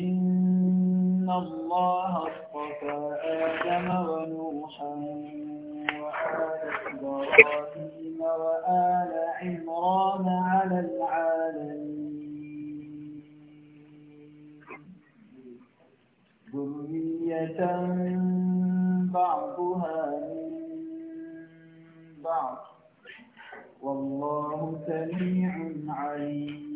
إن الله اصطفى آدم ونوحا وآل إبراهيم وآل عمران على العالمين ذرية بعضها من بعض والله سميع عليم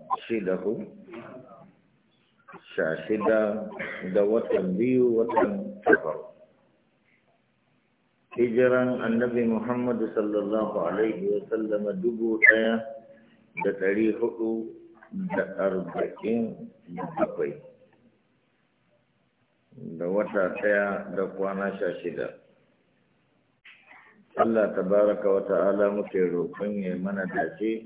shidahu sha shida da watan biyu watan safar hijiran annabi muhammadu sallallahu alaihi wa sallama dubu daya da dari hudu da arba'in da bakwai da wata daya da kwana sha shida Allah tabaraka wa ta'ala muke roƙon ya mana dace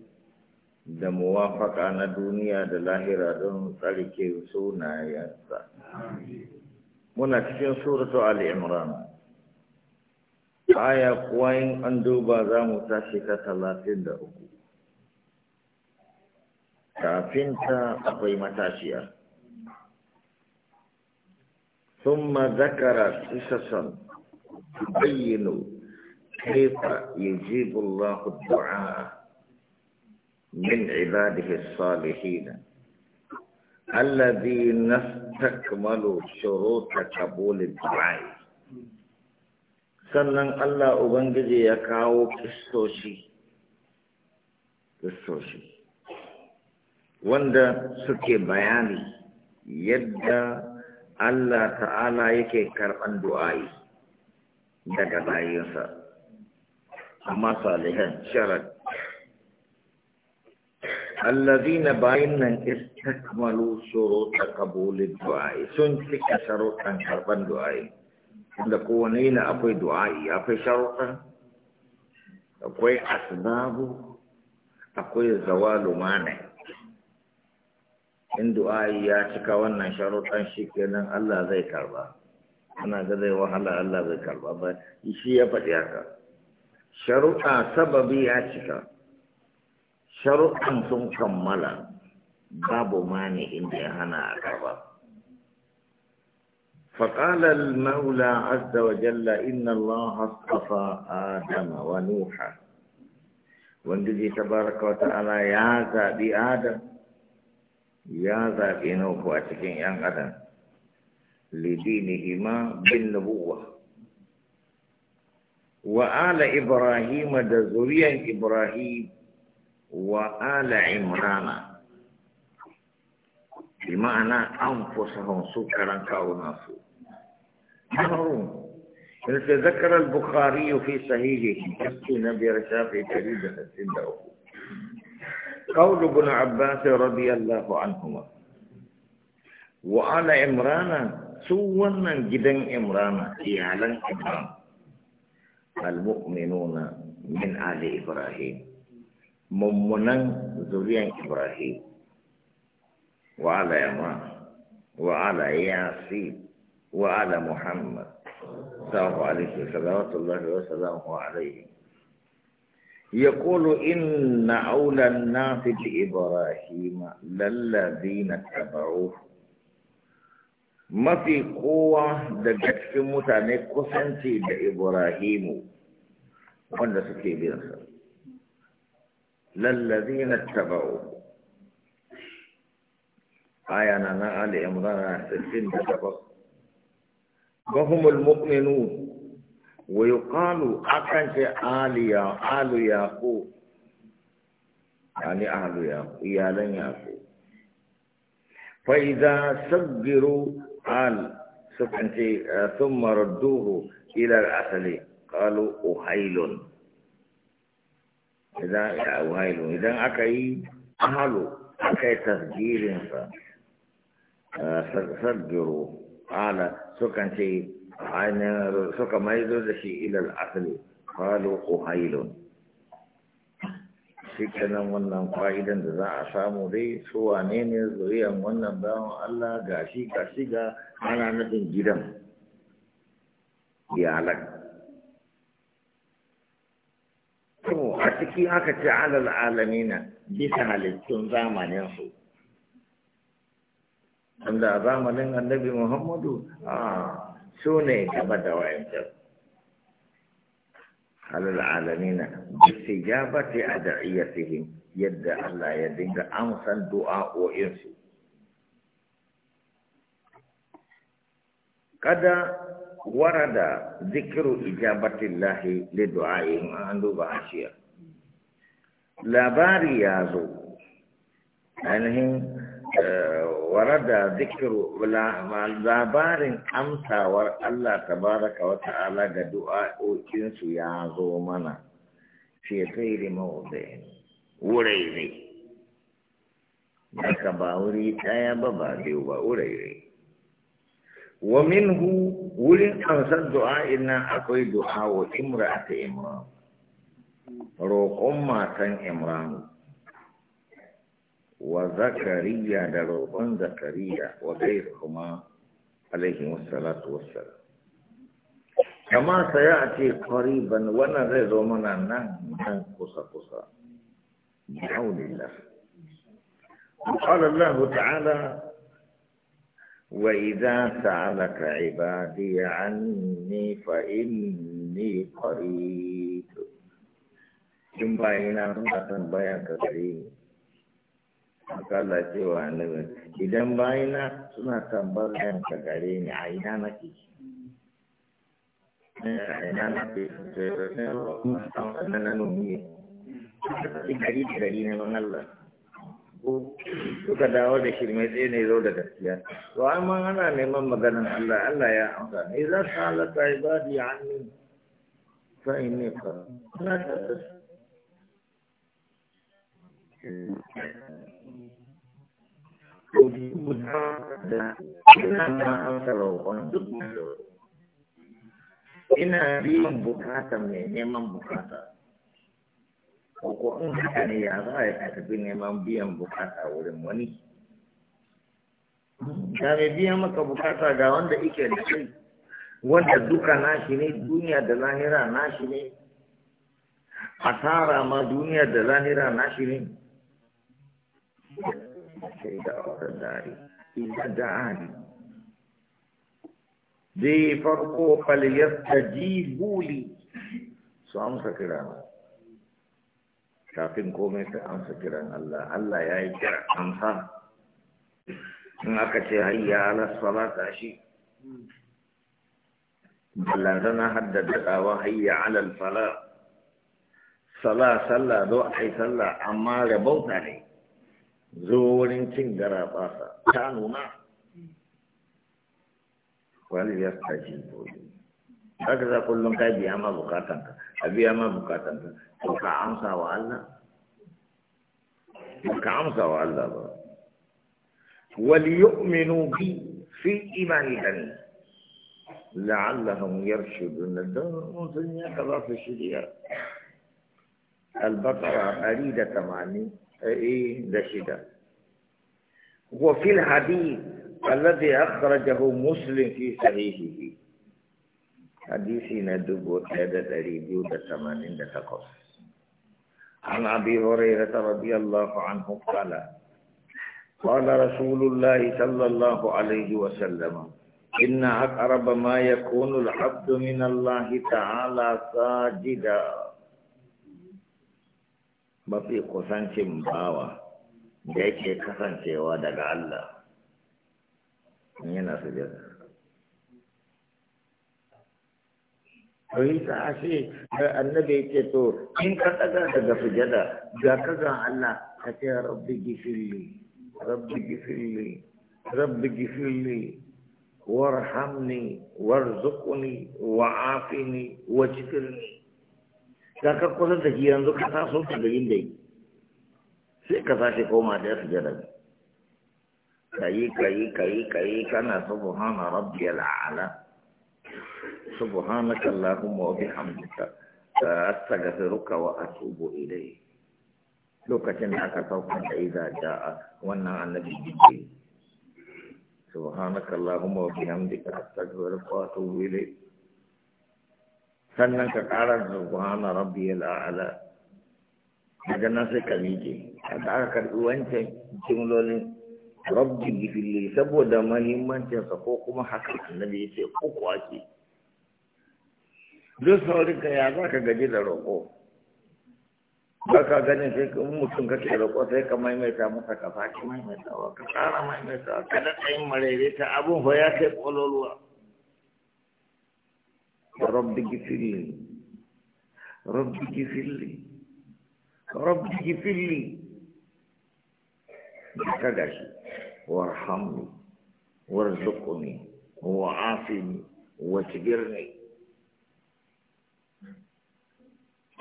da muwafaka na duniya da lahira don tsarki sunayensa muna cikin suratu al-imran aya kuwa yin an duba za mu tashi ta talatin da uku kafin ta akwai matashiya ثم ذكر قصصا kefa كيف يجيب الله من عباده الصالحين الذين استكملوا شروط قبول الدعاء sannan Allah Ubangiji ya kawo kistoshi kistoshi wanda suke bayani yadda Allah ta'ala yake karɓan du'ayi daga bayansa, amma salihan sharat الذين بينن استكملوا شروط قبول الدعاء سن تلك شروطا karban du'a'i. da kowane na akwai du'a'i akwai sharuɗa akwai asbabu akwai zawalu mana in du'a'i ya cika wannan sharuɗan shi kenan Allah zai karba ana ga zai wahala Allah zai karba ba shi ya faɗi haka sharuɗa sababi ya cika sharuɗan sun kammala babu mani inda ya hana a karba فقال المولى عز وجل إن الله اصطفى آدم ونوحا وانجزي تبارك وتعالى يا ذا آدم يا ذا نوح أتكين يا آدم لدينهما بالنبوة وآل إبراهيم ذريا إبراهيم وآل عمران بمعنى أنفسهم سكرا كأناس نهرون نعم. إن تذكر البخاري في صحيحه نبي برشاف كريدة السنة قول ابن عباس رضي الله عنهما وآل عمران سوّن جدا عمران إعلان عمران المؤمنون من آل إبراهيم mummunan zuriyan Ibrahim wa ala yamma wa ala yasi wa ala Muhammad sallallahu alaihi wa sallallahu wa sallallahu alaihi يقول إن أولى الناس بإبراهيم للذين اتبعوه mafi kowa daga cikin mutane kusanci da Ibrahimu wanda suke binsa. للذين اتبعوا آية أنا نعم، نعم، آل عمران آية ستين بسبب وهم المؤمنون ويقال في آل يا آل يعقوب يعني أهل يعقوب يا لن يعقوب فإذا سجروا آل ثم ردوه إلى الأصل قالوا أهيل idan ya wailu idan aka yi halo aka yi tasgirinsa eh, saddiro ala sukan ce suka maido da shi ilal asali falo uhailun shi kenan wannan fa'idan da za a samu dai su wane ne zuriyan wannan bawan Allah gashi shi ga ana nufin gidan iyalan ko a ciki aka ce alal alamina bisa halittun zamaninsu wanda a zamanin annabi muhammadu a su ne gaba da wayancan alal alamina bisa ya bace a da'iyyatihim yadda Allah ya dinga amsan du'a'o'insu kada ورد ذكر إجابة الله لدعائهم عن عشير labari ya zo ainihin eh, da zikiru labarin amsawar Allah tabaraka wa ta'ala ga du'a'o'insu ya zo mana fi ghairi mawdi'in wurare daga ba wuri ɗaya ba ba biyu ba wurare wa minhu wurin amsar du'a'in nan akwai du'a wa ta imran roƙon matan imranu wa zakariya da roƙon zakariya wa gaisu kuma alaihi wassalatu wassalam kama saya a ce ƙwariban wannan zai zo mana nan nan kusa-kusa bi'aunillah قال الله تعالى وإذا سألك عبادي عني فإني قريب in ba yana suna tambaya ka gare ni Allah cewa annabi idan bayina suna tambayan ka gare ni a ina nake na da ne suka dawo da shirme tsaye ne zo da gaskiya to amma ana neman maganan Allah Allah ya amsa ne za ka halaka ibadi anni fa ina biyan bukatar mai neman bukata ko ya neman biyan bukata wurin wani da biya maka bukata ga wanda ike da shi wanda duka nashi ne duniya da lahira nashi ne asara ma duniya da lahira nashi ne shaida da dari ila da'ani dai farko falyastajibu li su amsa kirana kafin komai sai amsa kiran Allah Allah ya yi kira amsa in aka ce hayya ala salata shi na haddada dawa hayya ala sala sala sallah zo a yi sallah amma rabauta ne زورين تندرا باسا كانوا ما وليستجيبوا هكذا كل من كان بيعمى أبي بيعمى بقاتن وكعم سوى الله وكعم سوى الله وليؤمنوا بي في إيمان الدنيا لعلهم يرشدون الدنيا وسنيا كذا في الشريعة البقرة أريد تماني اي ده شده وفي الحديث الذي أخرجه مسلم في صحيحه حديثنا دبو تادة تريبيو ثمانين تقص عن أبي هريرة رضي الله عنه قال قال رسول الله صلى الله عليه وسلم إن أقرب ما يكون العبد من الله تعالى ساجداً mafi kusancin bawa da yake kasancewa daga Allah yana sujada Rita a ce, eh, annabi ce to, in ka daga daga sujada, ga ka ga Allah, ka ce rabbi gifirli, rabbi gifirli, rabbi gifirli, warhamni, warzuqni, wa'afini, wajfirni. da ka kusa da shi yanzu ka taso ka garin da yi sai ka sake koma da ya sujada kayi kayi kayi kayi kana subhana rabbiyal a'la subhanaka allahumma wa bihamdika astaghfiruka wa atubu ilai. lokacin da aka saukar da iza ja'a wannan annabi jibril subhanaka allahumma wa bihamdika astaghfiruka wa atubu ilayk sannan ka ƙara da subhana rabbiyal a'la daga nan sai ka miƙe da aka karɓi wancan jimlolin rabbi gifilli saboda mahimmancinsa ko kuma haka annabi ya ce uku ake duk saurin ka ya za ka gaji da roƙo ba ka ganin sai ka mutum kake roƙo sai ka maimaita masa ka sake maimaitawa ka tsara maimaitawa ka daɗa yin maraice ta abin ya kai ƙololuwa رب اغفر لي رب اغفر لي كذا وارحمني وارزقني وعافني واجبرني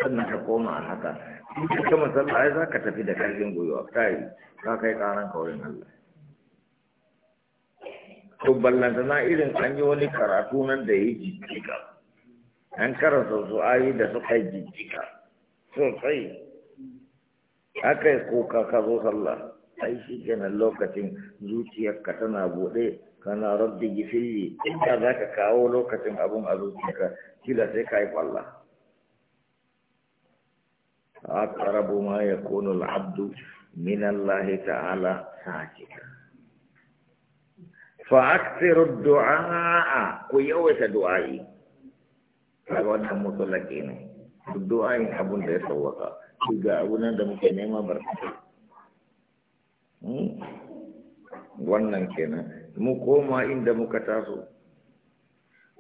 sannan ka koma a haka in ka kama sallah ai za ka tafi da karfin gwiwa kai ka kai karan kawarin Allah to ballanta na irin an yi wani karatu nan da ya ji jika an karanta su ayi da suka yi jijjika sosai aka yi kuka ka zo sallah ai shi kenan lokacin zuciyarka tana buɗe kana rabbi gifiri inda za ka kawo lokacin abun a zuciyarka kila sai ka yi kwalla أقرب ما يكون العبد من الله تعالى ساجدا فأكثر الدعاء ويوت دعائي kaga wannan mutsalaki ne du'a yin abun da ya sauwaka ga abunan da muke nema barka hmm? wannan kenan mu koma inda muka taso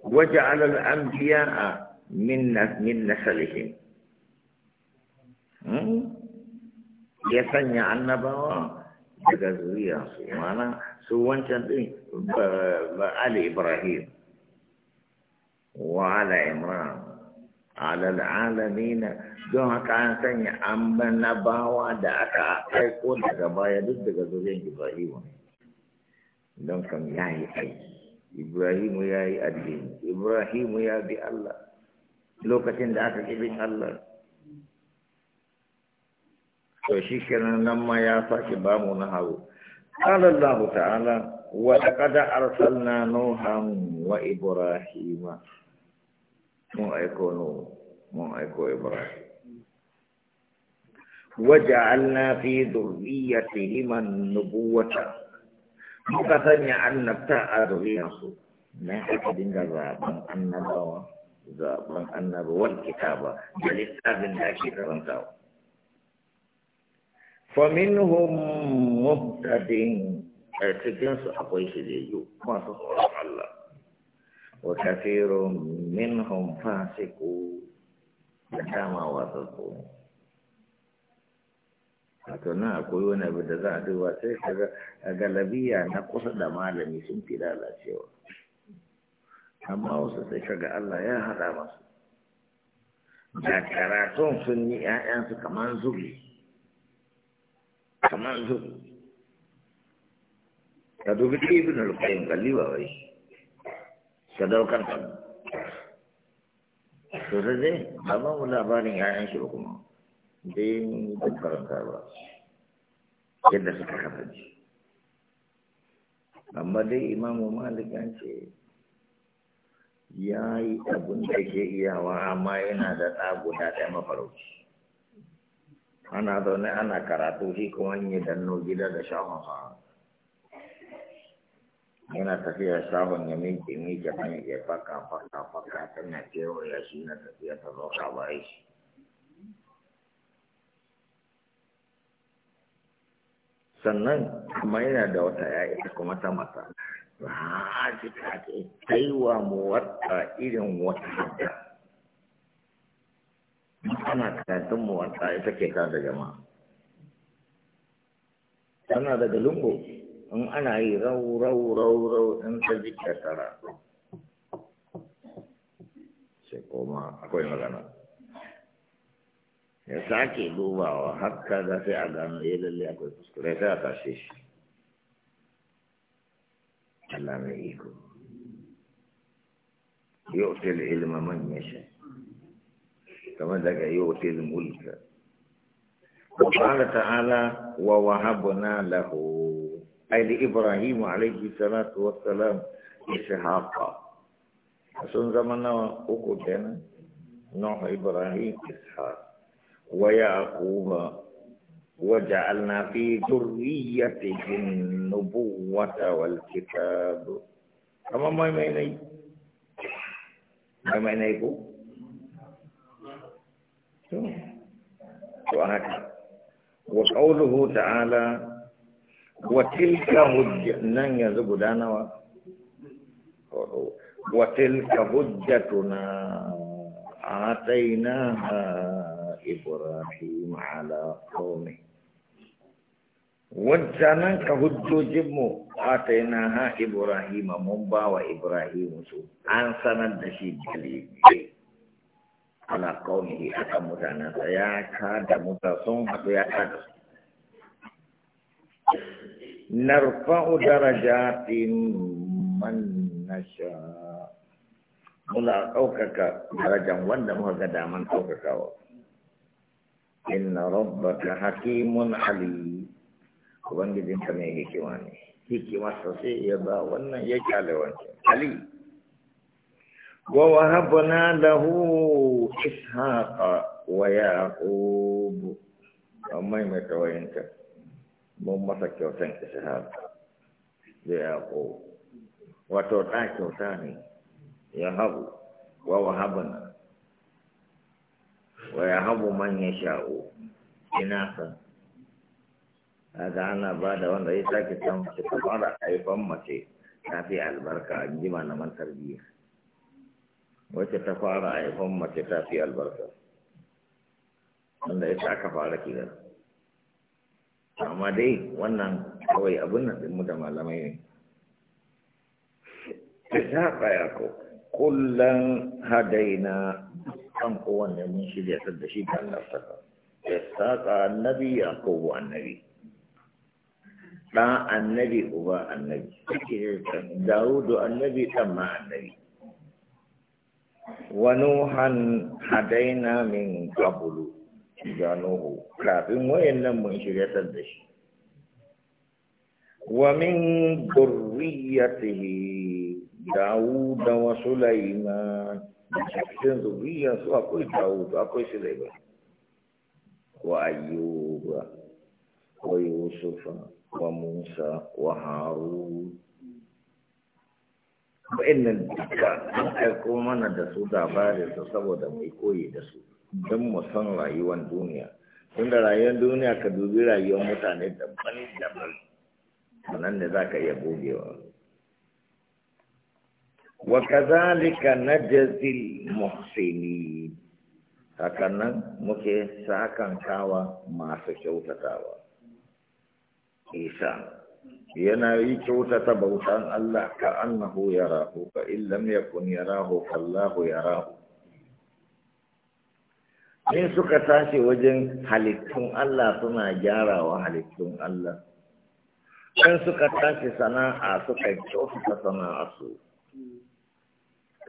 waje alal anbiya'a a min nasalihim hmm? ya sanya annabawa daga zuriyarsu mana su wancan din ba ali ibrahim وعلى عمران على العالمين don haka an sanya an bawa da aka aiko daga baya duk daga zuriyar Ibrahim don kam ya yi aiki Ibrahim ya yi addini Ibrahim ya bi Allah lokacin da aka kibin Allah to shi kenan na hawo قال الله تعالى ولقد أرسلنا نوحا وإبراهيم mun aiko nuhu mun aiko ibrahim وجعلنا في ذريتهما النبوة muka sanya annabta a zuriyarsu na aka dinga zaben annabawa zaben annabawan kitaba da littafin da ake karantawa faminhum muhtadin a cikinsu akwai shirye masu tsoron Allah وكثير منهم فاسقون dama watsatsu ne wato nan akwai wani abu da za a duba sai a galabiya na kusa da malami sun fi lalacewa amma wasu sai kaga Allah ya masu da karatun sun yi ‘ya'yansu kamar zubi kamar zubi ka dubi ibn al-qayyim galiba wai ka daukar ta to sai dai amma mu labarin ƴaƴan shi kuma dai duk karanta ba yadda suka kasance amma dai imamu malik an ce ya yi abin da ke iyawa amma yana da ɗa guda ɗaya mafarauci ana zaune ana karatu shi kuma yin danno gida da shahon yana tafiya shahon ya miƙe miƙe hanya ya faka faka faka tana kewaya shi na tafiya ta zo ka bayan shi sannan kuma yana da wata ya'ya kuma ta mata ba shi ta ke kaiwa mu wata irin wata hada ana karatun mu wata ita ke kan da jama'a tana daga lungu in ana yi rau rau rau rau in ta jika tara sai koma akwai magana ya sake dubawa har ka ga sai a gano ya eh, lalle akwai kuskure sai a tashe shi Allah mai iko yu'til ilma man shi. kamar daga yu'til mulka wa qala ta'ala wa wahabna lahu أي لإبراهيم عليه الصلاة والسلام إسحاق أصلا زمنا أكتنا نوح إبراهيم إسحاق ويعقوب وجعلنا في ذريته النبوة والكتاب كما ما يميني ما يميني بو وقوله تعالى watilka nan yanzu guda nawa watilka hujjatuna ataina ibrahim ala qaumi wancanan ka hujjojin mu ataina ha ibrahim mun ba ibrahim su an sanar da shi dalili ala qaumi aka mutanansa ya kada mutasun hatu ya kada narfau درجات من نشاء muna ɗaukaka darajan wanda muka ga daman ɗaukakawa inna rabbaka hakimun ali ubangijin ka mai hikima ne hikima sosai ya ba wannan ya kyale wancan ali wa wahabna lahu waya wa yaqub amma mai mun masa kyautan ishaq da yaqo wato da kyauta ne ya habu wa wahabana wa ya habu man ya sha'o ina san kaga ana bada wanda ya sake san mace ta fara haifan mace ta fi albarka in ji man tarbiyya Wace ta fara haifan mace ta fi albarka wanda ita aka fara kiran amma dai wannan kawai abin nan ɗinmu da malamai ne ta zaɓa ya ko kullum hadaina kan kowanne mun shirya ta da shi da Allah saka ya saka annabi ya kowa annabi ɗan annabi uba annabi dawudu annabi ɗan ma annabi wa nuhan hadaina min kabulu. ganohu kafin wayannan mun shiryatar da shi wa min dhurriyyatihi Dawud wa Sulaiman cikin zuriyar su akwai Dawud akwai Sulaiman wa Ayyub wa Yusuf wa Musa wa Harun wa'annan duka an aiko mana da su labarin su saboda mai koyi da su don mu san rayuwar duniya tunda rayuwar duniya ka dubi rayuwar mutane daban-daban sanan da za ka iya gogewa wa kazalika najzil muhsini hakanan muke sakankawa masu kyautatawa isa yana yi kyautata bautan Allah ka annahu yarahu ka in yakun yarahu fallahu yarahu in suka tashi wajen halittun Allah suna gyarawa halittun Allah in suka tashi sana'a suka kyautata su.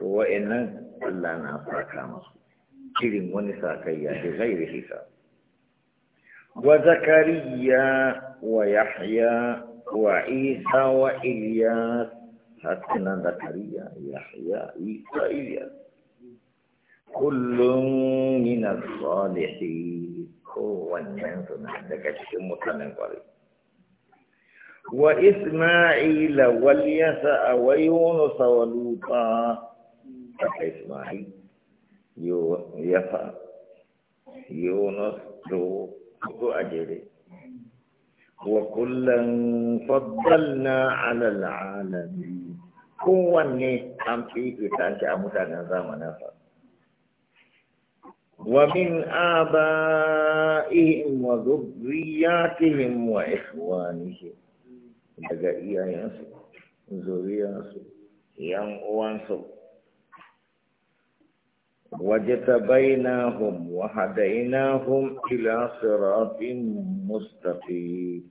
to wa'annan Allah na farka masu irin wani sakayya da gairi hisa wa zakariya wa yahya wa isa wa iliyas hatta nan zakariya yahya isa iliyas kullum minar salihin kowannen suna daga cikin mutanen kwarai wa isma'ila wal yasa wa yunus wa luta isma'il yo yasa yunus do a jere. wa kullan faddalna ala al alamin kowanne an fi shi a mutanen zamanin sa ومن آبائهم وذرياتهم وإخوانهم daga iyayensu zuriyarsu yan uwansu wajtabainahum wa hadainahum ila siratin mustaqim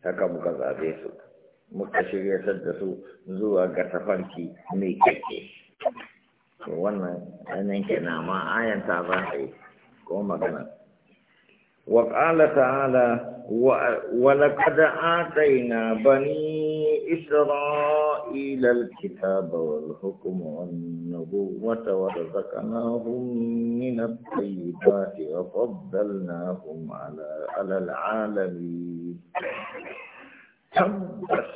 haka muka zabe su muka shirya da su zuwa ga tafarki mai kake wannan ainihin kenan ma ayan ta za a yi ko magana wa ƙala ta'ala wa laqad atayna bani isra'ila alkitaba wal hukma wan nubuwwata wa razaqnahum min at-tayyibati wa faddalnahum ala ala al-alamin tabbas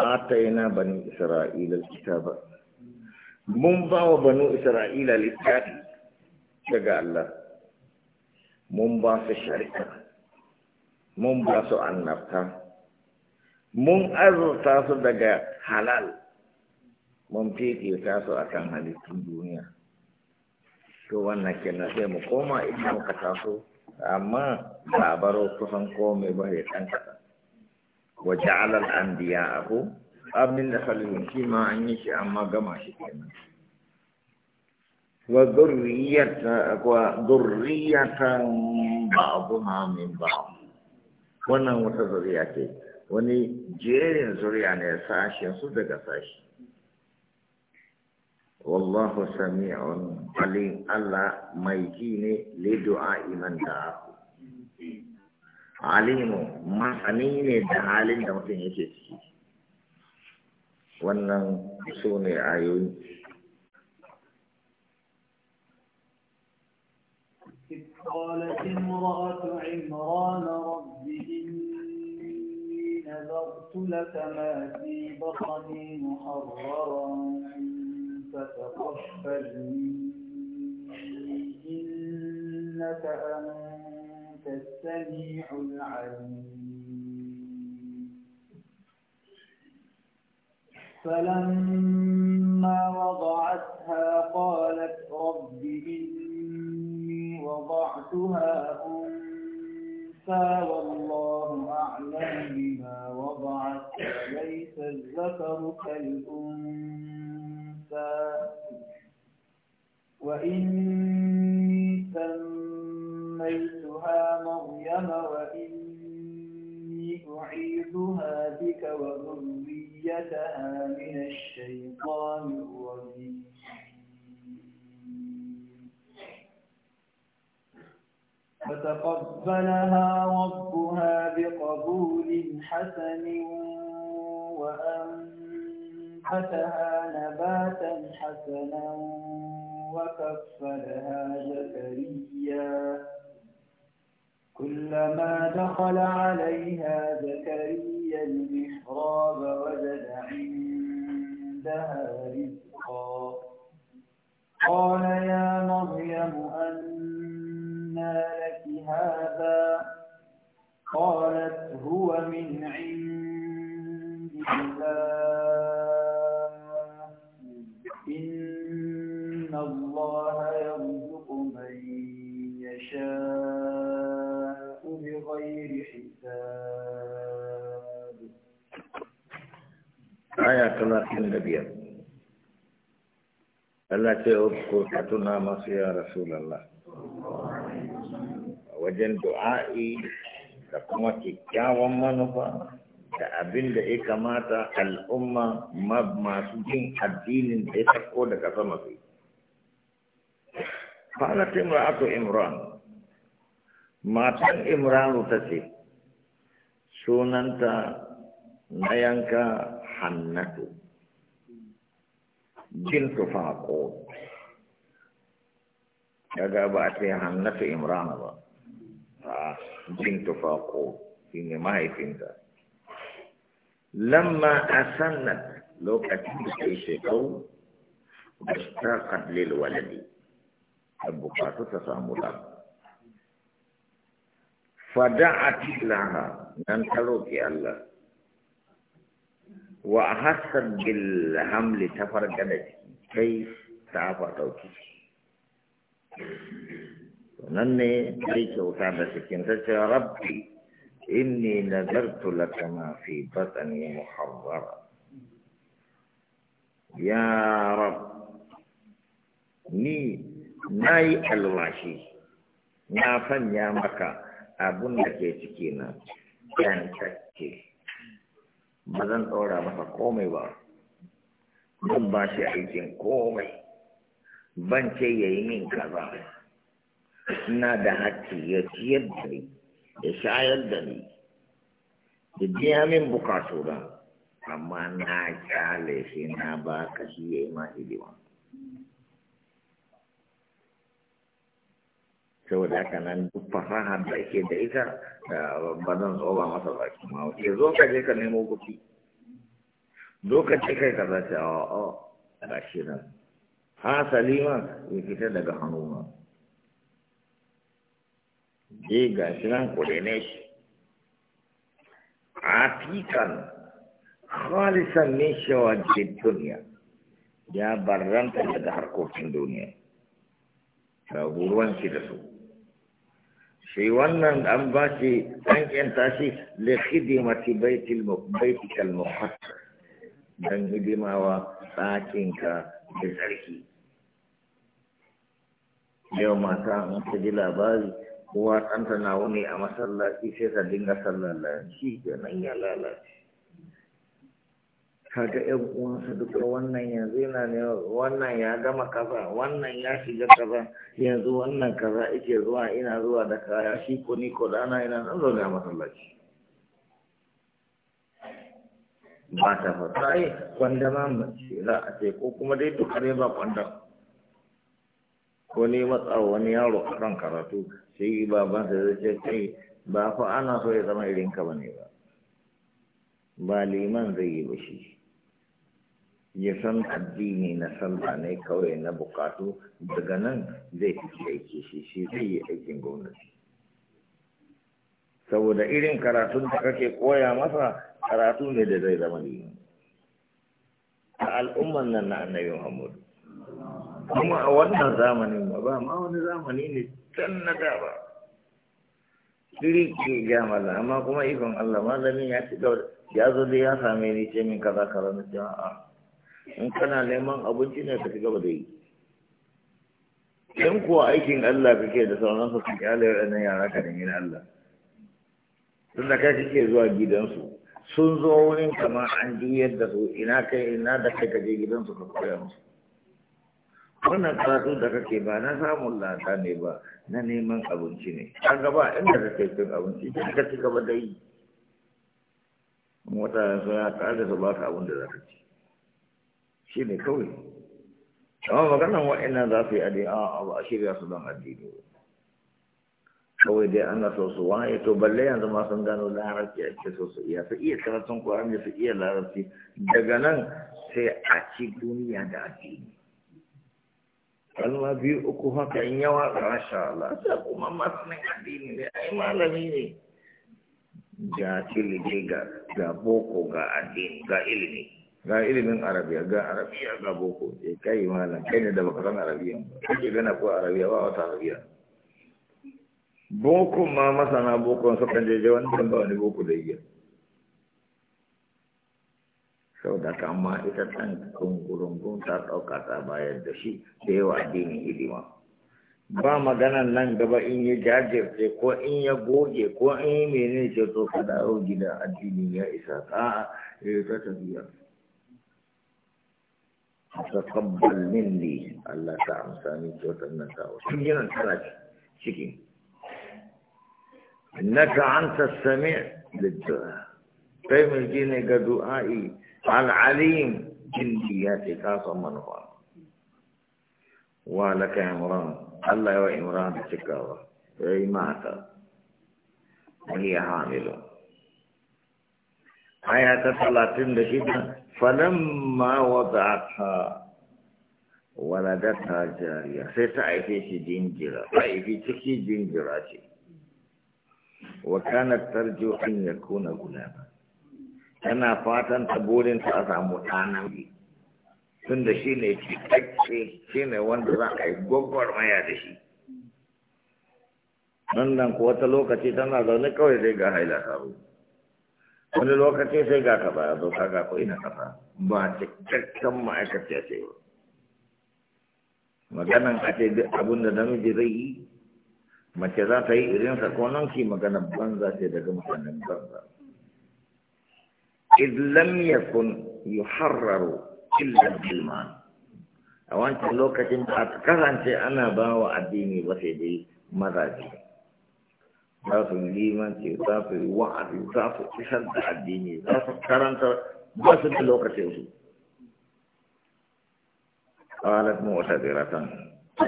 atayna bani isra'ila alkitaba mun ba wa banu isra'ila littafi daga Allah mun ba su shari'a mun ba su annabta mun azurta su daga halal mun fifita su a kan halittun duniya to wannan kenan sai mu koma idan muka taso amma ba kusan komai ba ya ɗan kaɗan wa ja'alal anbiya'ahu abin da halin shi ma an yi shi amma gama shi kenan wa zurriyata wa zurriyatan ma min ba'd wannan wata zuriya ce wani jerin zuriya ne sashen su daga sashi wallahu sami'un alim Allah mai ji ne li du'a iman da alimu masani ne da halin da mutum yake ciki wannan su ne قالت امرأة عمران رب إني نذرت لك ما في بطني محررا فتقبلني إنك أنت السميع العليم فلما وضعتها قالت رب إني وضعتها أنثى والله أعلم بما وضعت ليس الذكر كالأنثى وإني سميتها مريم وإني أعيذها بك وذريتها من الشيطان الرجيم فتقبلها ربها بقبول حسن وأنبتها نباتا حسنا وكفلها زكريا كلما دخل عليها زكريا المحراب وجد عندها رزقا قال يا مريم أنى لك هذا قالت هو من عند الله aya talatin da biyar Allah ce ko ka tuna masu ya rasulallah wajen du'a'i da kuma kyakkyawan manufa da abin da ya kamata al'umma masu jin addinin da ya sako daga sama su قالت imran matan ما ta ce sunanta na yanka. hannatu jinsu faƙo daga ba a ce hannatu imrana ba a jinsu faƙo shi ne mahaifinta lamma a sannan lokacin da ke shekau da ta kallil waladi a bukatu ta samu fada a laha nan ta roƙi Allah wa hassan bil hamli ta farga da kai ta fa dauki nan ne sai kyauta da cikin ta ce rabbi inni nazartu laka ma fi batni muharrara ya rab ni nayi alwashi na fanya maka abun da ke ciki na kake ba zan tsora masa komai ba zan ba shi aikin komai ban ce ya yi min kaza ina da hakki ya ciyar da ni ya shayar da ni da biya min bukatu ba amma na kyale shi na ba ka shi ya yi ma hidima saboda haka nan duk fasahar da ake da ita ba zan tsoba masa baki ma wace zo ka je ka nemo kuɗi zo ka ce kai ka zace a o ga shi nan ha salima ya fita daga hannu ma je ga shi nan kuɗi ne shi atikan khalisan min shawajid dunya ya barranta daga harkokin duniya ga ruwan shi da su shi wannan an ba shi an kyanta shi da hidimati baitikal muhassar don hidimawa ɗakinka da tsarki yau mata an ta ji labari kowa ɗanta na wuni a masallaci sai ka dinga sallar shi nan ya lalace kaga yan uwansa duka wannan yanzu yana ne wannan ya gama kaza wannan ya shiga kaza yanzu wannan kaza ike zuwa ina zuwa da kaya shi ko ni ko dana ina nan zo masallaci ba ta fata yi kwanda ma mace za a ce ko kuma dai duka ne ba kwanda ko ne matsa wani yaro a kan karatu sai sa zai ce kai ba fa ana so ya zama irin ka bane ba ba liman zai yi ba shi ya san addini na sallah ne kawai na bukatu daga nan zai fi aiki shi shi zai yi aikin gwamnati saboda irin karatun da kake koya masa karatu ne da zai zama ne a al'umman nan na annabi muhammadu kuma a wannan zamanin ba ba ma wani zamani ne can na da ba siri ke gyamala amma kuma ikon allah malamin ya ci gaba ya zo da ya same ni ce min kaza kaza na in kana neman abinci ne ka ci gaba da yi in kuwa aikin Allah kake da sauran su kyale waɗannan yara ka nemi na Allah sun da kai kake zuwa gidansu sun zo wurin kama an juyar da su ina kai ina da kai ka je gidansu ka koya musu wannan karatu da kake ba na samun lada ne ba na neman abinci ne an gaba inda ka kai cin abinci ta ka ci gaba da yi wata sun ya da su baka abin da za ka ci shi ne kawai amma maganan wa'annan za su yi adi a ba a shirya su don addini kawai dai ana so su waye to balle yanzu ma sun gano larabci ake so su iya su iya karatun kwaran da su iya larabci daga nan sai a ci duniya da addini kalma biyu uku haka in yawa masha Allah sai kuma masanin addini ne ai malami ne ga tilide ga boko ga addini ga ilimi ga ilimin arabiya ga arabiya ga boko ya eh, kai malam kai ne da baka san arabiya ba kai na ko arabiya ba wata arabiya boko ma masana boko sun kan je je wannan ba ne boko da iya sau da ka amma ita ɗan kungurungun ta ɗauka ta bayar da shi da yawa addinin hidima ba maganan nan gaba in ya jajirce ko in ya goge ko in yi menene ce to ka dawo gida addini ya isa a'a ya eh, ta tafiya تقبل مني الله تعالى سامي وتمنى تعالى شكرا شكي إنك أنت السميع للدعاء فهم الجنة دعائي العليم جنسياتك أصمن فعلا ولك يا عمران الله يا وعمران تكاوى أي مات وهي حامل آيات 36 falamma wada'ata waladata jariya sai ta aike shi jinjira aiki ciki jinjira ce wa kanat tarju an yakuna gulama tana fatan ta ta a samu ɗana ne tun da shi ne cikakke shi wanda za a yi gwagwarmaya da shi nan nan kuwa ta lokaci tana zaune kawai zai ga haila karu. wani lokaci sai ga kaza ya zo ga ko ina kafa ba cikakken ma'aikaci ya ce maganan a ce duk abin da namiji zai yi mace za ta yi irinsa ko nan ki maganan banza ce daga mutanen banza kun yi إذ A wancan lokacin a kasance ana ba wa addini ba sai dai mazaji za su yi limanci za su yi wa'azi za su isar da addini za su karanta ba su da lokacin su qalat mu'tadiratan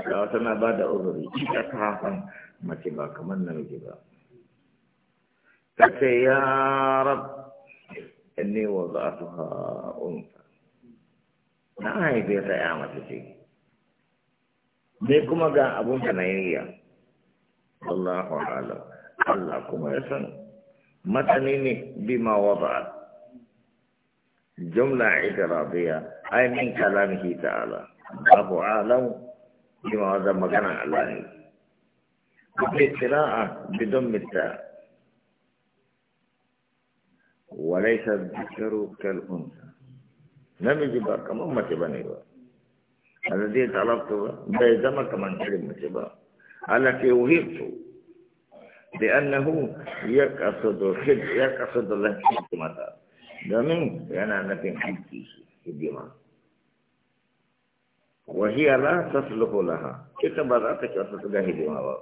kawo tana ba da uzuri ita ta san mace ba kamar namiji ba ta ce ya rab inni wa za za'atuha unsa na haife ta ya mace ce dai kuma ga abun ta na yi ya? Allahu a'lam Allah kuma ya san matani ne bima wada'a jumla idrabiya ay min kalamihi ta'ala Allahu a'lamu bima wada'a magana Allah ne bi qira'a bi dammi ta wa laysa dhikru kal unsa namiji ba kaman mace bane ba alladhi ba, bai zama kaman irin mace ba Allah ke wahibtu لأنه يقصد الخد يقصد له خدمة دمين أنا نبين حكي خدمة وهي لا تصلح لها كيف بدأت قصد له خدمة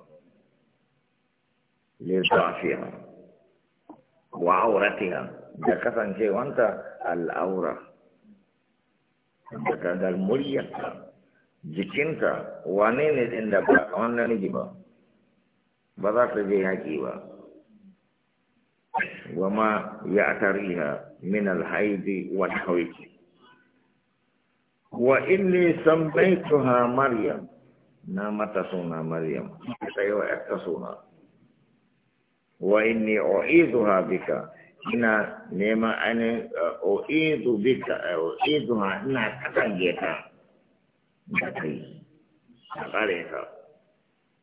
لضعفها وعورتها جكفا شيء وانت الأورة جكفا المليكة jikinka wane ne ɗin da ba بذات جهاجيوا وما يعتريها من الحيض والحويج وإني سميتها مريم نعم تسونا مريم سيوة تسونا وإني أعيذها بك إن نعم أن أعيذ بك أعيذها إن أتجيتها أتجيتها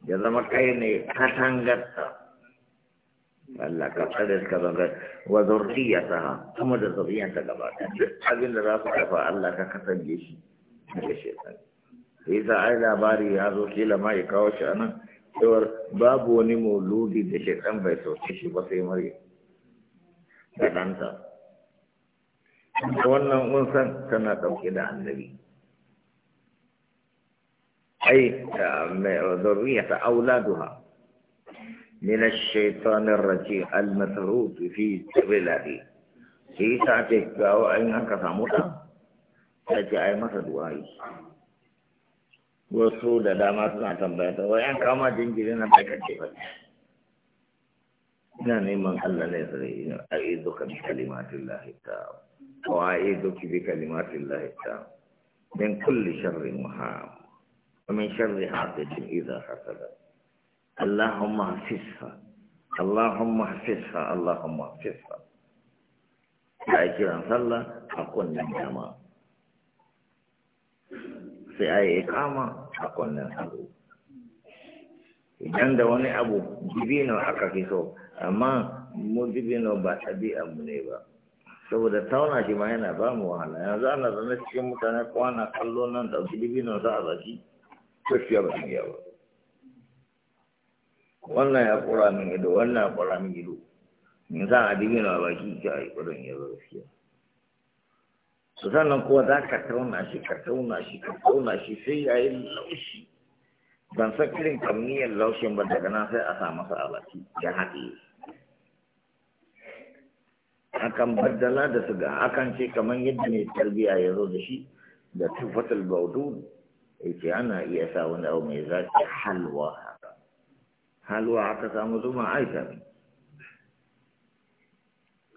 ya zama kai ne katangarta Allah ka tsare ka zanga wa zurriyataha kuma da zurriyanta gaba ɗaya abin da za su kafa Allah ka kasance shi daga shekar sai za a yi labari ya zo kila ma ya kawo shi a nan cewar babu wani mauludi da shekar bai sauke shi ba sai murya da ɗanta wannan unsan tana ɗauke da annabi أي ذرية أولادها من الشيطان الرجيم المثروب في بلادي في ساعتك أو أين أنك ساموتا تأتي أي مثل وعي وصول دامات ما تنبيت وإن كما جنجلنا بك الجبل يعني من الله نزري أعيدك بكلمات الله التام وأعيدك بكلمات الله التام من كل شر وحام ومن شر حاسد إذا حسد اللهم احفظها اللهم احفظها اللهم احفظها أجرا صلى أكون من Sai a yi إقامة a من حلو idan da wani abu dibino aka fi so amma mu dibino ba mu ne ba saboda tauna shi ma yana ba mu wahala yanzu ana zama cikin mutane kowa na kallo nan ɗauki dibino za a zaki gaskiya ba sun wannan ya kura min ido wannan ya kura min ido in za a dibi na baki ki a yi kudin ya ba gaskiya su sannan kuwa za ka tauna shi ka tauna shi ka tauna shi sai ya yi laushi ban san irin kamniyar laushin ba daga nan sai a sa masa a baki ya haɗe akan baddala da su ga akan ce kamar yadda mai tarbiya ya zo da shi da tufatul baudu yace ana iya sa wani abu mai zaki halwa haka halwa aka samu zuma aika ne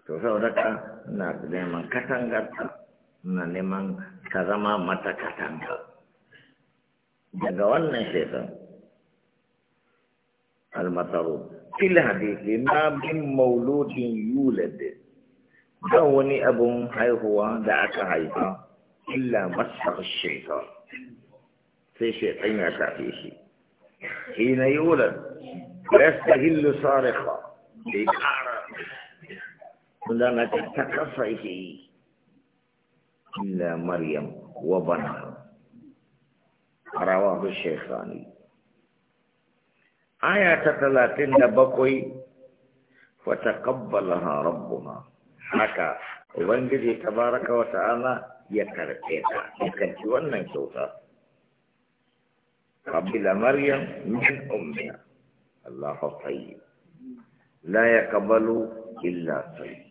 to sauraka na neman katangarta na neman ka zama mata katanga daga wannan shaitan almataru fil hadithi ma min mauludin yulad ba wani abun haihuwa da aka haifa illa masar shaitan في شيء عينك فيه حين يولد يستهل صارخا في كعرة عندما فيه إلا مريم وبنها رواه الشيخاني آية تتلاتين بقوي فتقبلها ربنا حكا وانجزي تبارك وتعالى يكرتيتا يكرتي وانا قبل مريم من أمها الله طيب لا يقبل إلا طيب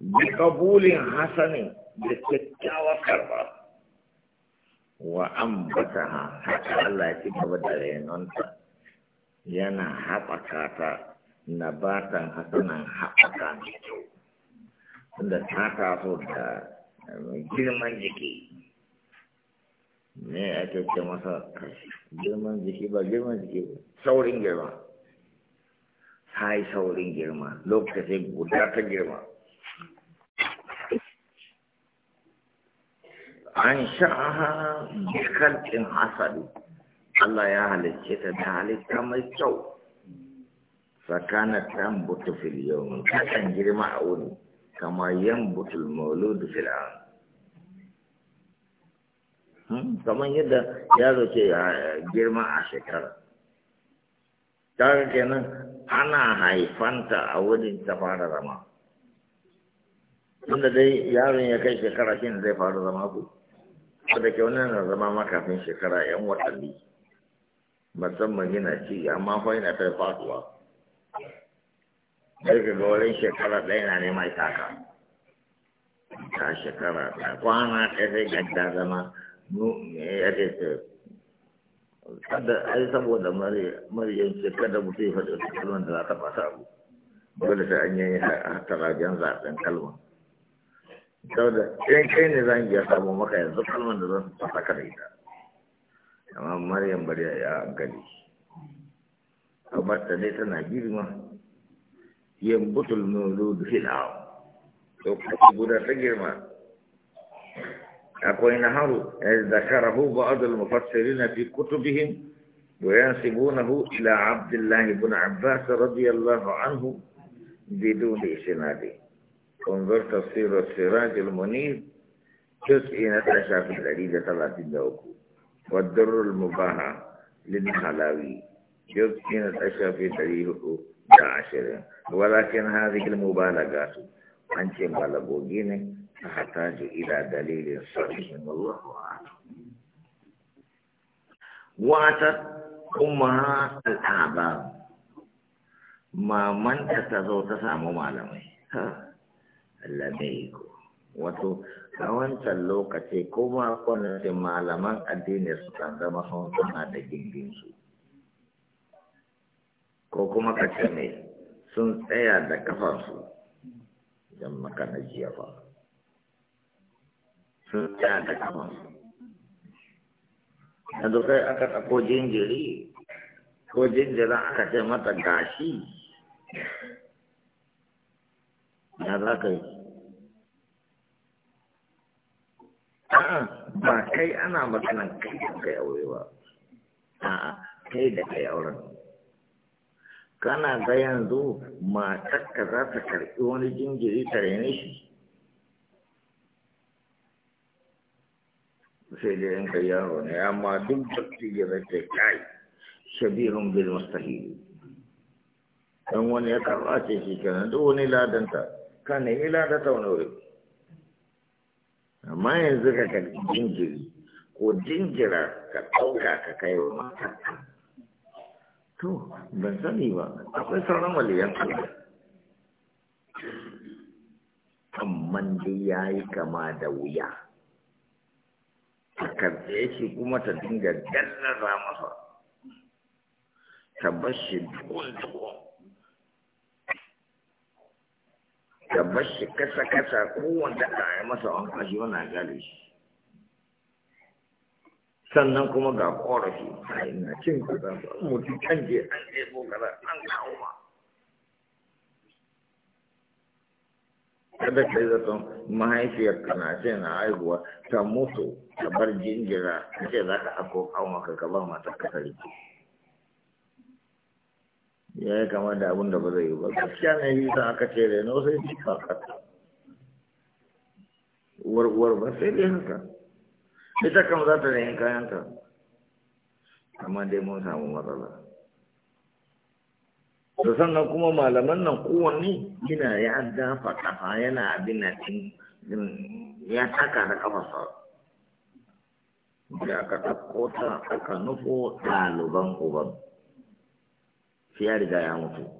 بقبول حسن بكتاوى كربا وأنبتها حتى الله يتبع بدرين أنت ينا حبكاتا نباتا حسنا حبكاتا عند حتى صدها girman jiki ake masa girman jiki ba girman jiki ba saurin girma Ta yi saurin girma lokacin guda ta girma an sha'aha jikalcin hasali Allah ya halicce ta da halitta mai kyau tsakanin tambutu fil yau kasan girma a wuni kama yan butul mauludu fil'an Hmm? kamar yadda yaro ke ah, girma a shekara kaga kenan ana haifanta a wurin ta fara zama tunda dai yaron ya kai shekara shi ne zai fara zama ku da ke wani na zama makafin shekara yan watanni musamman yana ci amma fa yana ta faduwa sai ka ga wurin shekara ɗaya na nema taka ta shekara ta kwana ɗaya zai gadda zama ne ya ce ce kada ai saboda Maryam ce kada mutum ya faɗi wata kalmar da za ta fasa abu dole sai an yi hatarajen zaɓen kalmar saboda ɗan kai ne zan iya samu maka yanzu kalmar da za su fasa ka da ita amma maryam bari ya gani kamar ta ne tana girma yambutul mulu fil aw to kuma guda ta girma أقول نهر ذكره بعض المفسرين في كتبهم وينسبونه إلى عبد الله بن عباس رضي الله عنه بدون إسناد انظر تفسير السراج المنير جزء نتشى في العديد ثلاثة دوكو والدر المباهى للحلاوي جزء نتشى في تاريخه عشر ولكن هذه المبالغات an ce malabogi ne ta hataji ila dalilin sahihin wallahu wata kuma al'aba mamanta ta zo ta samu malamai lamaiku wato a wancan lokaci kuma kwanarin malaman addini su kan zama sun suna da su? ko kuma kace ne sun tsaya da kafansu idan maka na jiya ba sun tsaya da kama Na dokai aka ɗauko jinjiri ko jinjirin aka ce mata gashi ya za ka yi ba kai ana maganan kai da kai aure ba a'a kai da kai auren kana ga yanzu matakka za ta karɓi wani jinjiri ta rene shi sai dai yanka yaro ne amma duk dattijo da ke kai shabirun bil mustahili dan wani ya karɓa ce shi kenan duk wani ladanta ka nemi ladanta wani wuri amma yanzu ka karɓi jinjiri ko jinjira ka ɗauka ka kai wa matarka to ban sani ba akwai sauran waliyan ba. amma dai ya yi kama da wuya A karfe shi kuma ta dinga gallara masa ta bashi shi dukkan ka bar shi kasa kasa kowanne da yi masa wanka kashi wannan gane sannan kuma ga A ina cin kaza mutu canje an ɗebo kaza an kawo ba kada ka yi zaton mahaifiyar kana ce na haihuwa ta mutu ta bar jinjira ta ce za ka ako kawo maka ka ba mata kasar ki ya yi kama da abin da ba zai yi ba gaskiya ne yi sa aka ce reno sai ci kakata uwar uwar ba sai dai haka ita kam za ta rayin kayanta amma dai mun samu matsala da sannan kuma malaman nan kowanne yana ya dafa kafa yana abin na ya taka da kafarsa da aka ɗauko ta aka nufo ɗaliban uban shi ya riga ya mutu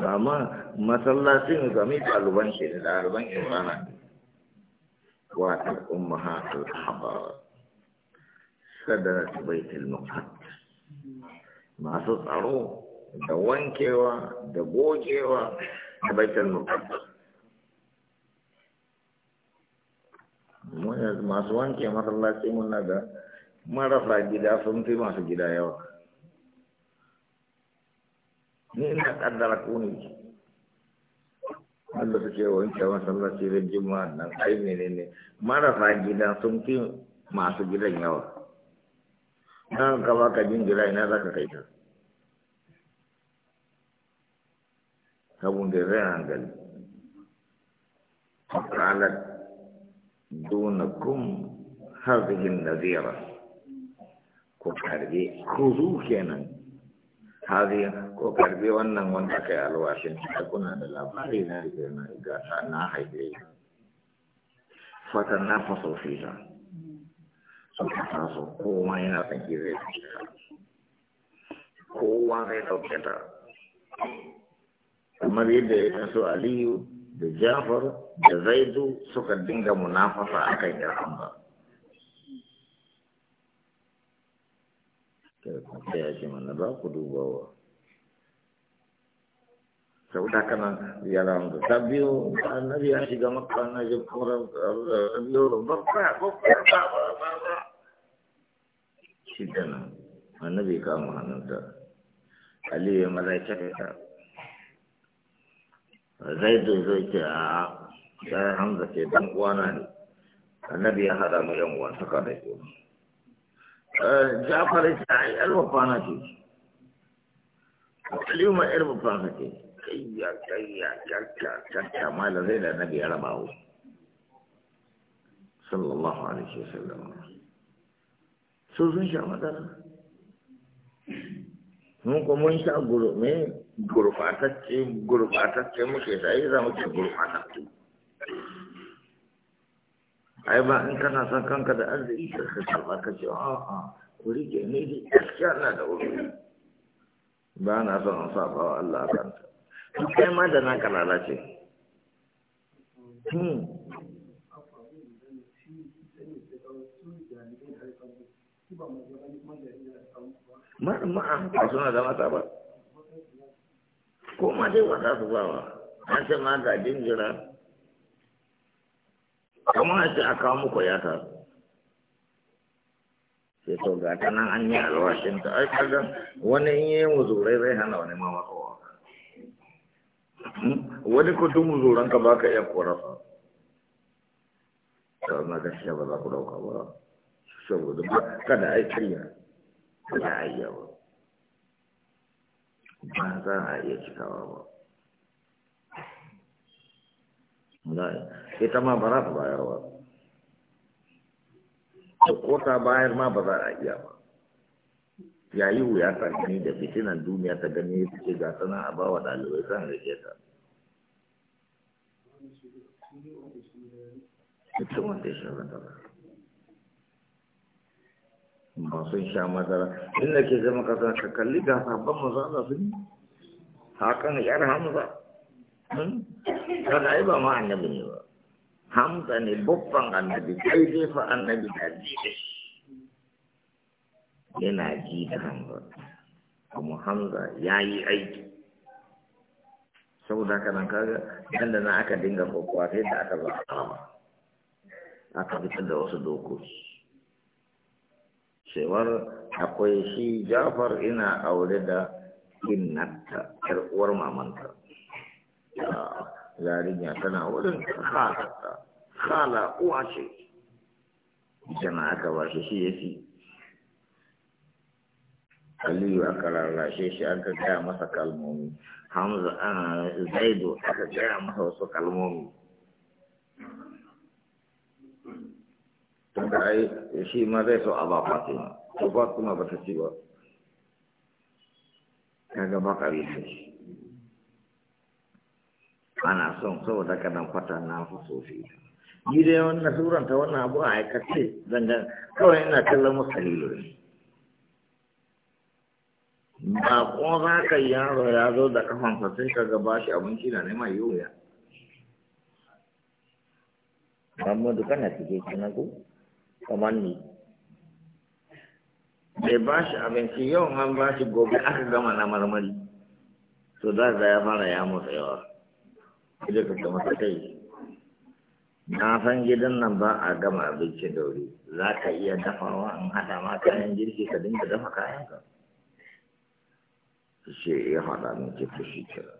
amma masallacin gami ɗaliban ke da ɗaliban imana ne وأن أمها الأحبار سدرة بيت المقدس ما تطعروا دوانكوا دبوجوا بيت المقدس masu wanke masallaci muna da marasa gida sun fi masu gida yawa ni ina wanda suke wanke masallaci da jima nan ai menene marasa gida sun fi masu gidan yawa nan ka baka jingira ina za ka kai ta sabon da rai hankali fakalar donakun hazihin nazira ku karbe ku kenan haziya ko karbe wannan wanda kai alwashin da kuna da labari na rike na gasa na haife fatan na faso fita ta kasa ko kowa yana tsanki zai fita kowa zai ɗauke ta kamar yadda ya taso aliyu da jafar da zaidu suka dinga munafasa akan ba ta ya ce mana ba ku dubawa sau da kana yaran da ta biyo annabi ya shiga makka annabi kuma biyo rumbar kwaya ko kwaya ba ba ba ba shi kenan annabi kama hannunta aliyu ya malaita ta zai zo zai ce a ya hamza ce dan uwana ne annabi ya hada mu yan uwan saka da juna Eh, jafar ta yi yar bafana ce kalima yar bafana ce kayya kayya kyakya kyakya malar zai da na ya raba hu sallallahu alaihi wasallam su sun sha madara mun ko mun sha gurbatacce gurbatacce muke sai za mu ce gurbatacce ai ba in kana son kanka da arziki ka ka karba ka ce a'a ku rike ne da gaskiya na da wuri ba na son an saba wa Allah kan ta kai ma da naka lalace hmm Ma a suna da mata ba ko ma dai wata su ba wa an ce ma ga jinjira kamar a aka ah, a kawo muku ya ta sai to ga ta nan an ah, yi alwashin ta ai eh, kaga wani in yi muzurai zai hana wani ma matsawa hmm? wani ko duk muzuran ka baka iya korasa to ma gaskiya ba za ku dauka ba saboda ba kada ai kariya ba a iya ba za a iya cikawa ba ita ma ba za ta bayar ba da bayar ma ba za a iya ba yayi wuya ta gani da fitinan duniya ta gani ya ce ga sana a ba wa ɗalibai zan rike ta mutum wanda ya shafa ta ba sun sha madara inda ke zama kasa ka kalli ga sabon mazana sun yi hakan yar hamza hmm? kada ai ba ma annabi ne ba hamza ne babban annabi daidai fa annabi da yana ji da hamza kuma hamza ya yi aiki saboda haka nan kaga yadda na aka dinga kokowa sai da aka zama araba aka fitar da wasu dokoki cewar akwai shi jafar ina aure da innata ƴar uwar mamanta ah. yarinya tana wurin khalata khala uwa ce idan aka washe shi ya fi aliyu aka rarrashe shi aka gaya masa kalmomi hamza ana zaido aka gaya masa wasu kalmomi tunda ai shi ma zai so a ba fatima to fatima ba ta ci ba kaga ba ƙarfi ana son saboda ka nan kwata na sosai ni dai wannan suran ta wannan abu a aikace zanga kawai ina kallon wasu kaliloli ba kuma za ka yaro ya zo da kafansa sai ka gaba shi abinci na neman yiwuya Muhammadu kana cike kenan ko kamar ni bai ba shi abinci yau an ba shi gobe aka gama na marmari to za ya fara ya motsa yawa Ita ta masa kai. Na san gidan nan ba a gama abinci da wuri. Za ka iya dafawa in hada ma kayan girki ka dinga dafa kayan ka. Sai ya hada min ce ta shi kira.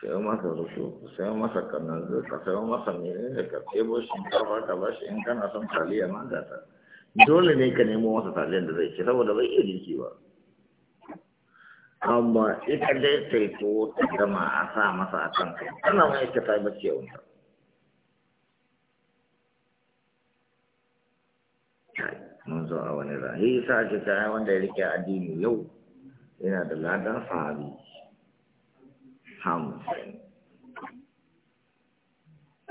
Sai masa rusu, sai masa kanan ka sai masa mene ne ka tebo shinkafa ka bashi in kana son taliya ma ta Dole ne ka nemo masa taliyan da zai ci saboda bai iya girki ba. amma ita dai ta ta gama a sa masa a kan kai tana mai ita ta yi bacci ta mun zo a wani rahi sa ake kaya wanda ya rike addini yau yana da ladan sahabi hamsin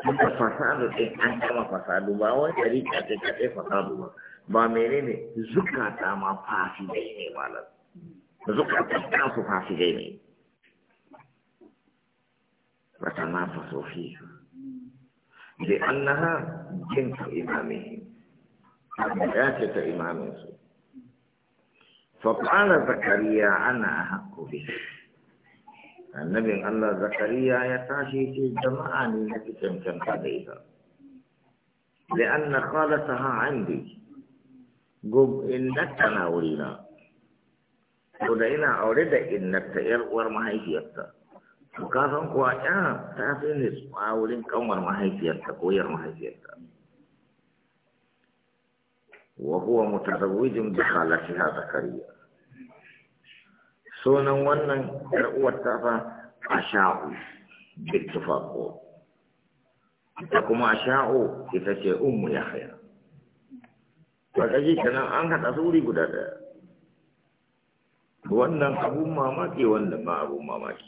Duka fasadu ɗin an kama fasadu ba wai ɗari kaɗe kaɗe fasadu ba ba menene zukata ma fasidai ne malam zukatan في fasigai ne فتنافسوا فيه لأنها جنس إمامه مؤاسة إمامه فقال زكريا أنا أحق به النبي الله زكريا يتاشي في الجماعة التي تمكن عليها لأن خالتها عندي قم إن تناولنا to da ina aure da innarta yar uwar mahaifiyarta to ka san kuwa ya ta fi ne a wurin kanwar mahaifiyarta ko yar mahaifiyarta wa huwa mutazawwijun bi khalatiha zakariya sunan wannan yar uwar ta fa asha'u bil tufaqo da kuma asha'u ita ce ummu yahya to kaji kana an hada suri guda daya wannan abun mamaki wanda ba abun mamaki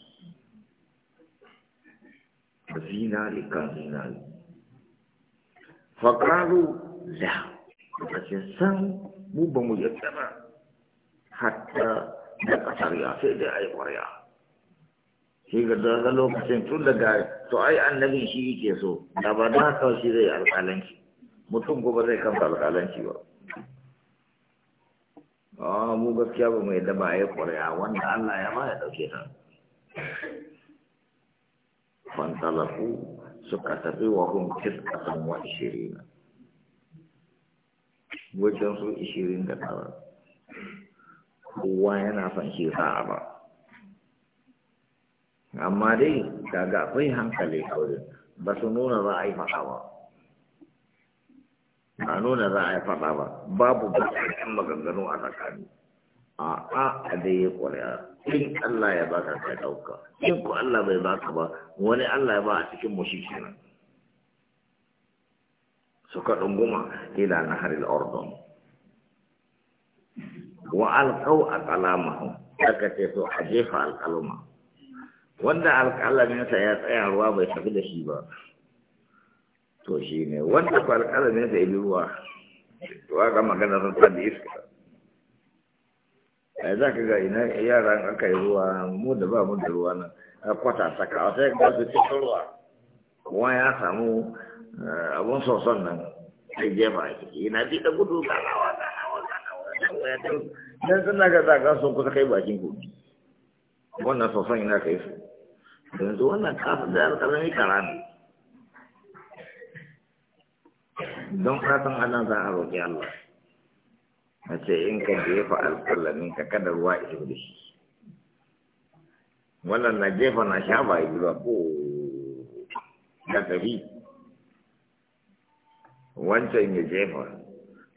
zinari kan zinari faƙaru da lokacin san mu ba mu yadda ba hatta da ƙasar ya sai dai a yi ƙwarya shi ga daga lokacin tun daga to ai annabin shi yake so da ba da haka shi zai alƙalanci mutum ko ba zai kamta alƙalanci ba a ah, mu gaskiya ba mai daba ya ƙwarya wanda Allah ya ma ya ɗauke ta fantalafu suka tafi wa hun tiskatan wa ishirina wajen su ishirin da tara kowa yana son shi sa'a ba amma dai kaga akwai hankali a wurin ba su nuna za a yi faɗa ba na nuna za a yi faɗa ba babu bakin maganganu a tsakani a a a dai ya ƙwarya in Allah ya baka ka ɗauka in ku Allah bai baka ba wani Allah ya ba a cikin mushi shi su ka ɗunguma ila na haril ordon wa alƙau a kalamahu aka ce so a jefa alƙaluma wanda alƙalaminsa ya tsaya ruwa bai tafi da shi ba to shi ne wanda ku ne da yi ruwa ruwa ga magana sun da iska a za ka ga ina an aka yi ruwa mu da ba mu da ruwa nan a kwata saka a sai ga su cikin ruwa kuma ya samu eh, abun sosan nan sai jefa a ciki ina bi da gudu ga rawa ga rawa ga rawa dan suna ga zaga sun kusa kai bakin kogi wannan soson ina kai su yanzu wannan kasa da alƙalamin karami don fatan anan za a roƙi Allah a ce in ka jefa alƙalamin ka kada ruwa iso da shi wannan na jefa na sha ba yi ba ko da tafi wancan ya jefa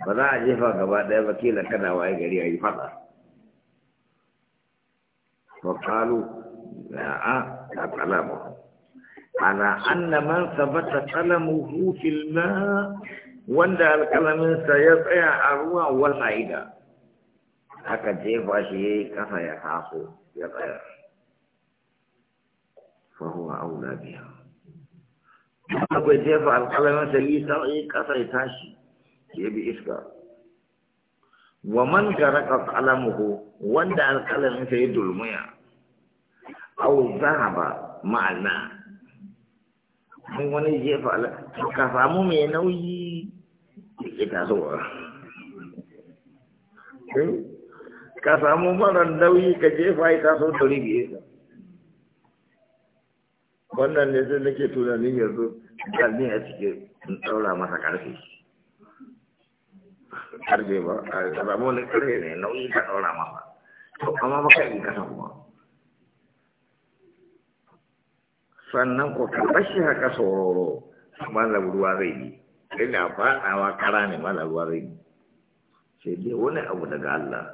ba za a jefa gaba ɗaya ba kila kada waye gari a yi faɗa na فقالوا لا أقلمه Ana على أن من ثبت قلمه في ya tsaya a سيطيع أروى والعيدة haka jefa shi ya yi kasa ya taso ya tsaya fahuwa aula biya akwai jefa alƙalamin sai sai kasa ya tashi ya bi iska wa man garaka qalamuhu wanda alƙalamin sai ya dulmuya aw zahaba ma'ana mun wani jefa ka samu mai nauyi ke tasowa eh? ka samu mara nauyi ka jefa ya taso tori biye wannan ne sai nake tunanin yanzu ƙarni a cikin ɗaura masa ƙarfi ƙarfe ba a samu wani ƙarfe ne nauyi ka ɗaura masa to amma baka yi kasa sannan ko ka bashi haka sororo malam ruwa zai yi ina faɗawa kara ne malam ruwa zai yi sai dai wani abu daga Allah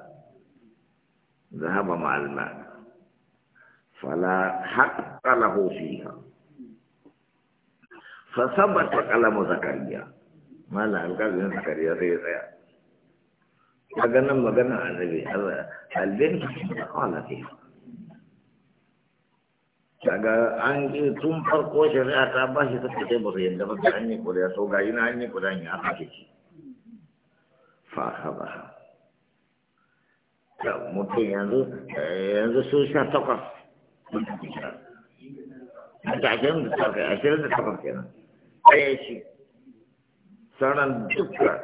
zahaba ma'alma fala haƙƙa lahu fiha fa sabata kalamu zakariya malam alƙalin zakariya sai ya tsaya kaga nan magana annabi Allah albin qala fiha daga an yi tun farko shari'a ta ba shi ta fice ba su yadda ba ta hanyar kula ya so ga yi na hanyar kula ya aka ce shi fahaba ba da mutum yanzu eh, yanzu su sha takwas a da da takwas ashirin da takwas kenan ɗaya shi sauran duka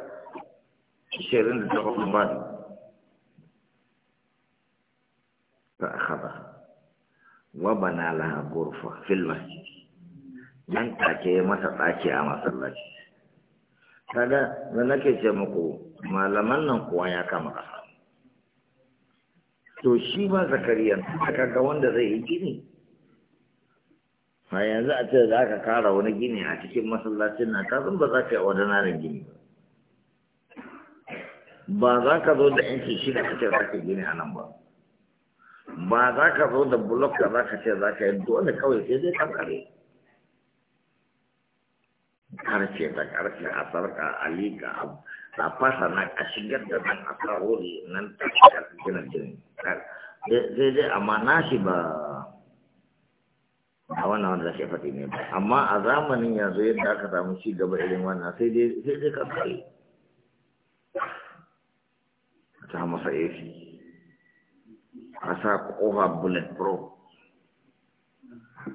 shirin da takwas ba ne fahaba ba wa bana laha gurfa fil masjid nan take masa tsaki a masallaci kaga da nake ce muku malaman nan kuwa ya kama kasa to shi ma zakariya aka ga wanda zai yi gini a yanzu a ce za ka kara wani gini a cikin masallacin nan ka ba za ka yi ordinarin gini ba ba za ka zo da yanki shi da kake za gini a nan ba ba za ka zo da blok da za ka ce za ka yi dole kawai sai zai kankare karce da karce a sarka a liƙa a fasa na a shigar da nan a sarori nan ta shigar ginin jini sai dai amma nashi ba a wannan wanda zai faɗi ne ba amma a zamanin yanzu yadda aka samu ci gaba irin wannan sai dai sai dai kankare ta masa efi a sa bullet pro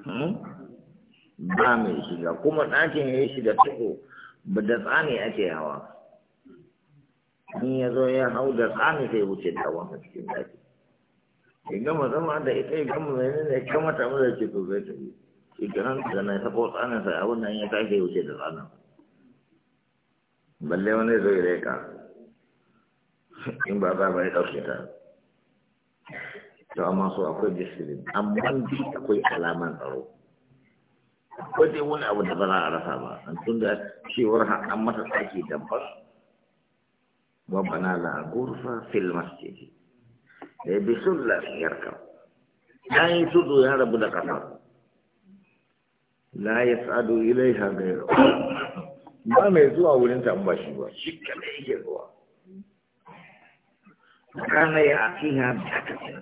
hmm? ba mai shiga kuma ɗakin ya shiga tuko ba da tsani ake hawa in ya zo ya hau da tsani sai wuce da wani cikin ɗaki ya gama zama da ita ya gama mai nuna ya kamata ta da ce ko zai tafi ita nan da na sako tsanin sa abin nan ya tafi ya wuce da tsanin balle wani zai reka in ba za ba ya ɗauke ta to amma so akwai discipline amma dai akwai alaman tsaro akwai dai wani abu da ba za a rasa ba an tunda cewar an mata tsaki dabbar wa bana la gurfa fil masjid da bi sulla yarka dan tudu ya rabu da kafa la yasadu ilaiha ghayru ba mai zuwa wurin ta ba shi ba shi kadai yake zuwa kana ya fiha bakatin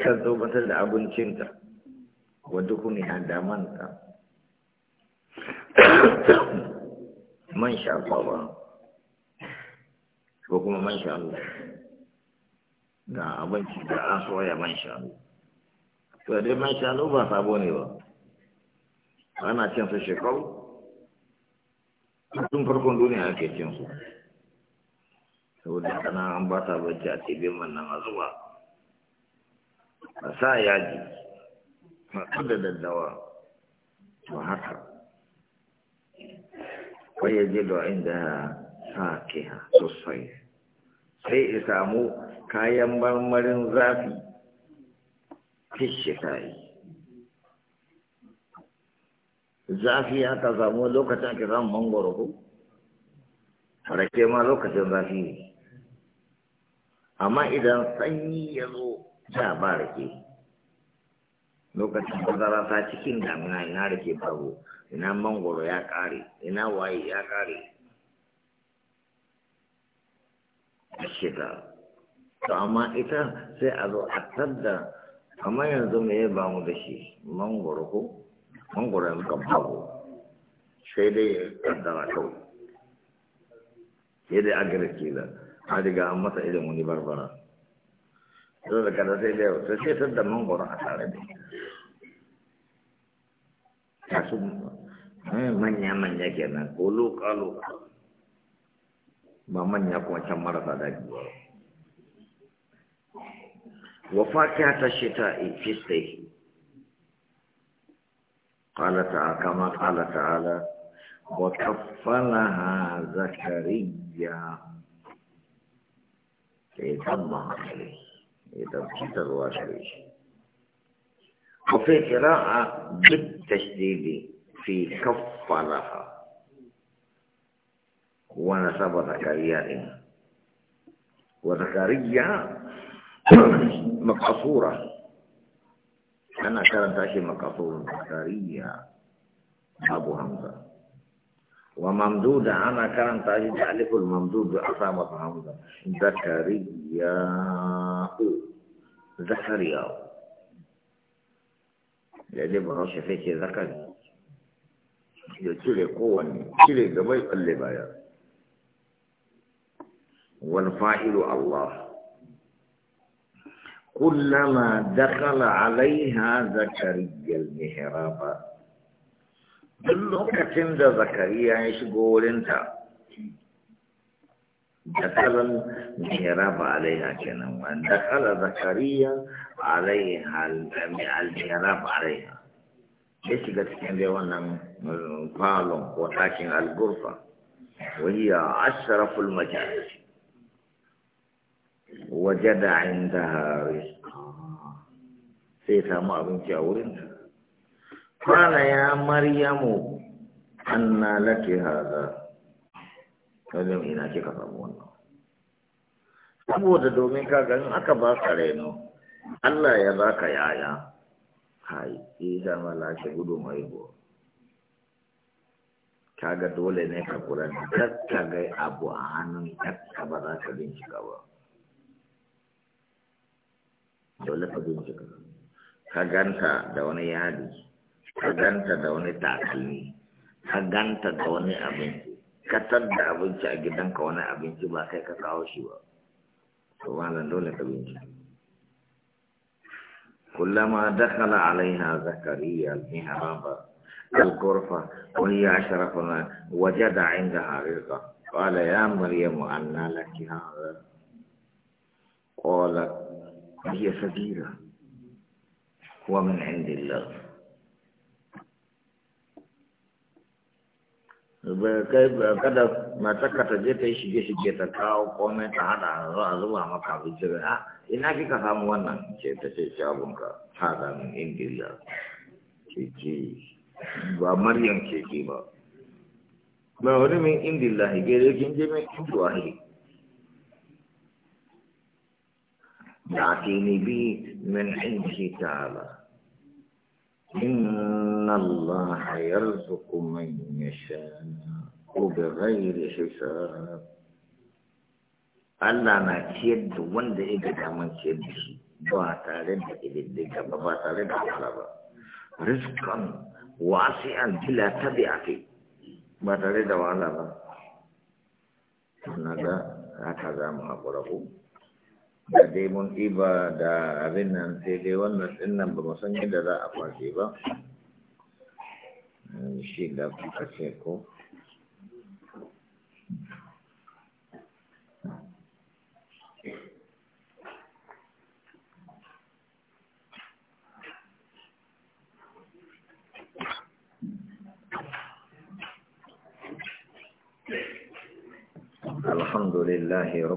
ka zo mata da abincinta wa dukuni hadamanta man sha Allah ko kuma man sha Allah ga abinci da an soya man sha Allah to dai man sha Allah ba sabo ne ba ana cin su shekau tun farkon duniya ake cin su saboda kana an ba ta bacci a tebin mannan a zuba a sa yaji a da daddawa to haka wai ya je da inda sa ke sosai sai ya samu kayan marmarin zafi fishe kayi zafi ka samu lokacin ake samun mangoro ko rake ma lokacin zafi ne amma idan sanyi ya zo da ba rake lokacin bazara ta cikin damina ina rake babu ina mangoro ya kare ina waye ya kare shiga to amma ita sai a zo a tadda amma yanzu me ya bamu da shi mangoro ko mangoro yanzu muka babu sai dai kaddara kawai sai dai agirki da a riga an masa irin wani barbara zo da kada sai da yau sai sai ta da mangoro a tare da ta su manya-manya eh, kenan ko loka-loka ba manya kuma can marasa daji ba wa fakiya ta shita ifistai قال تعالى كما قال تعالى وكفلها زكريا وفي قراءة بالتشديد في كفرها ونصب زكريا وزكريا مقصورة أنا كانت أشي مقصور زكريا أبو حمزة وممدود أنا كان تاجد ألف الممدود عصامة حمزة زكريا زكريا لأنه بغش فيه ذكر يتلي قوة يتلي قبل اللي بايا والفائل الله كلما دخل عليها زكريا المهراب duk lokacin da zakariya ya shigo wurinta da kalan mihrab alaiha kenan wanda kala zakariya alaiha al-mihrab alaiha ya shiga cikin dai wannan eh, falon ko ɗakin al-gurfa وهي أشرف المجالس وجد Sai رزقا سيتها ما أبنتي أورنها قال ya مريم أن لك هذا kalin ina kika samu wannan saboda domin ka in aka ba ka reno Allah ya ba ka yaya hai isa malaka gudu mai go kaga dole ne ka kula da kakka abu a hannun kakka ba za ka bincika ba dole ka bincika ka ganta da wani yadi ka ganta da wani takalmi ka ganta da wani abinci ka da abinci a gidanka wani abinci ba kai ka kawo shi ba to wannan dole ka bincike كلما دخل عليها زكريا المهراب الغرفة وهي أشرف وجد عندها رزقا قال يا مريم أنى لك هذا قالت هي صغيرة ومن عند الله kai kada matarka ta je ta yi shige-shige ta kawo komai ta hada a zuba maka abinci a ina kika samu wannan ce ta ce shagunka hada min ingila ce ce ba maryam ce ce ba ba wani min ingila gere kin je min induwa ne da ke ne bi min indihi ta'ala إن الله يرزق من يشاء وبغير حساب Allah na ciyar da wanda ya ga daman ciyar da shi ba tare da ƙididdiga ba ba tare da wahala ba. Rizkan wasi'an bila tabi a kai ba tare da wahala ba. Na haka za mu haƙura ku. da dai mun da abin nan sai dai wannan din nan ba mu san yadda za a ba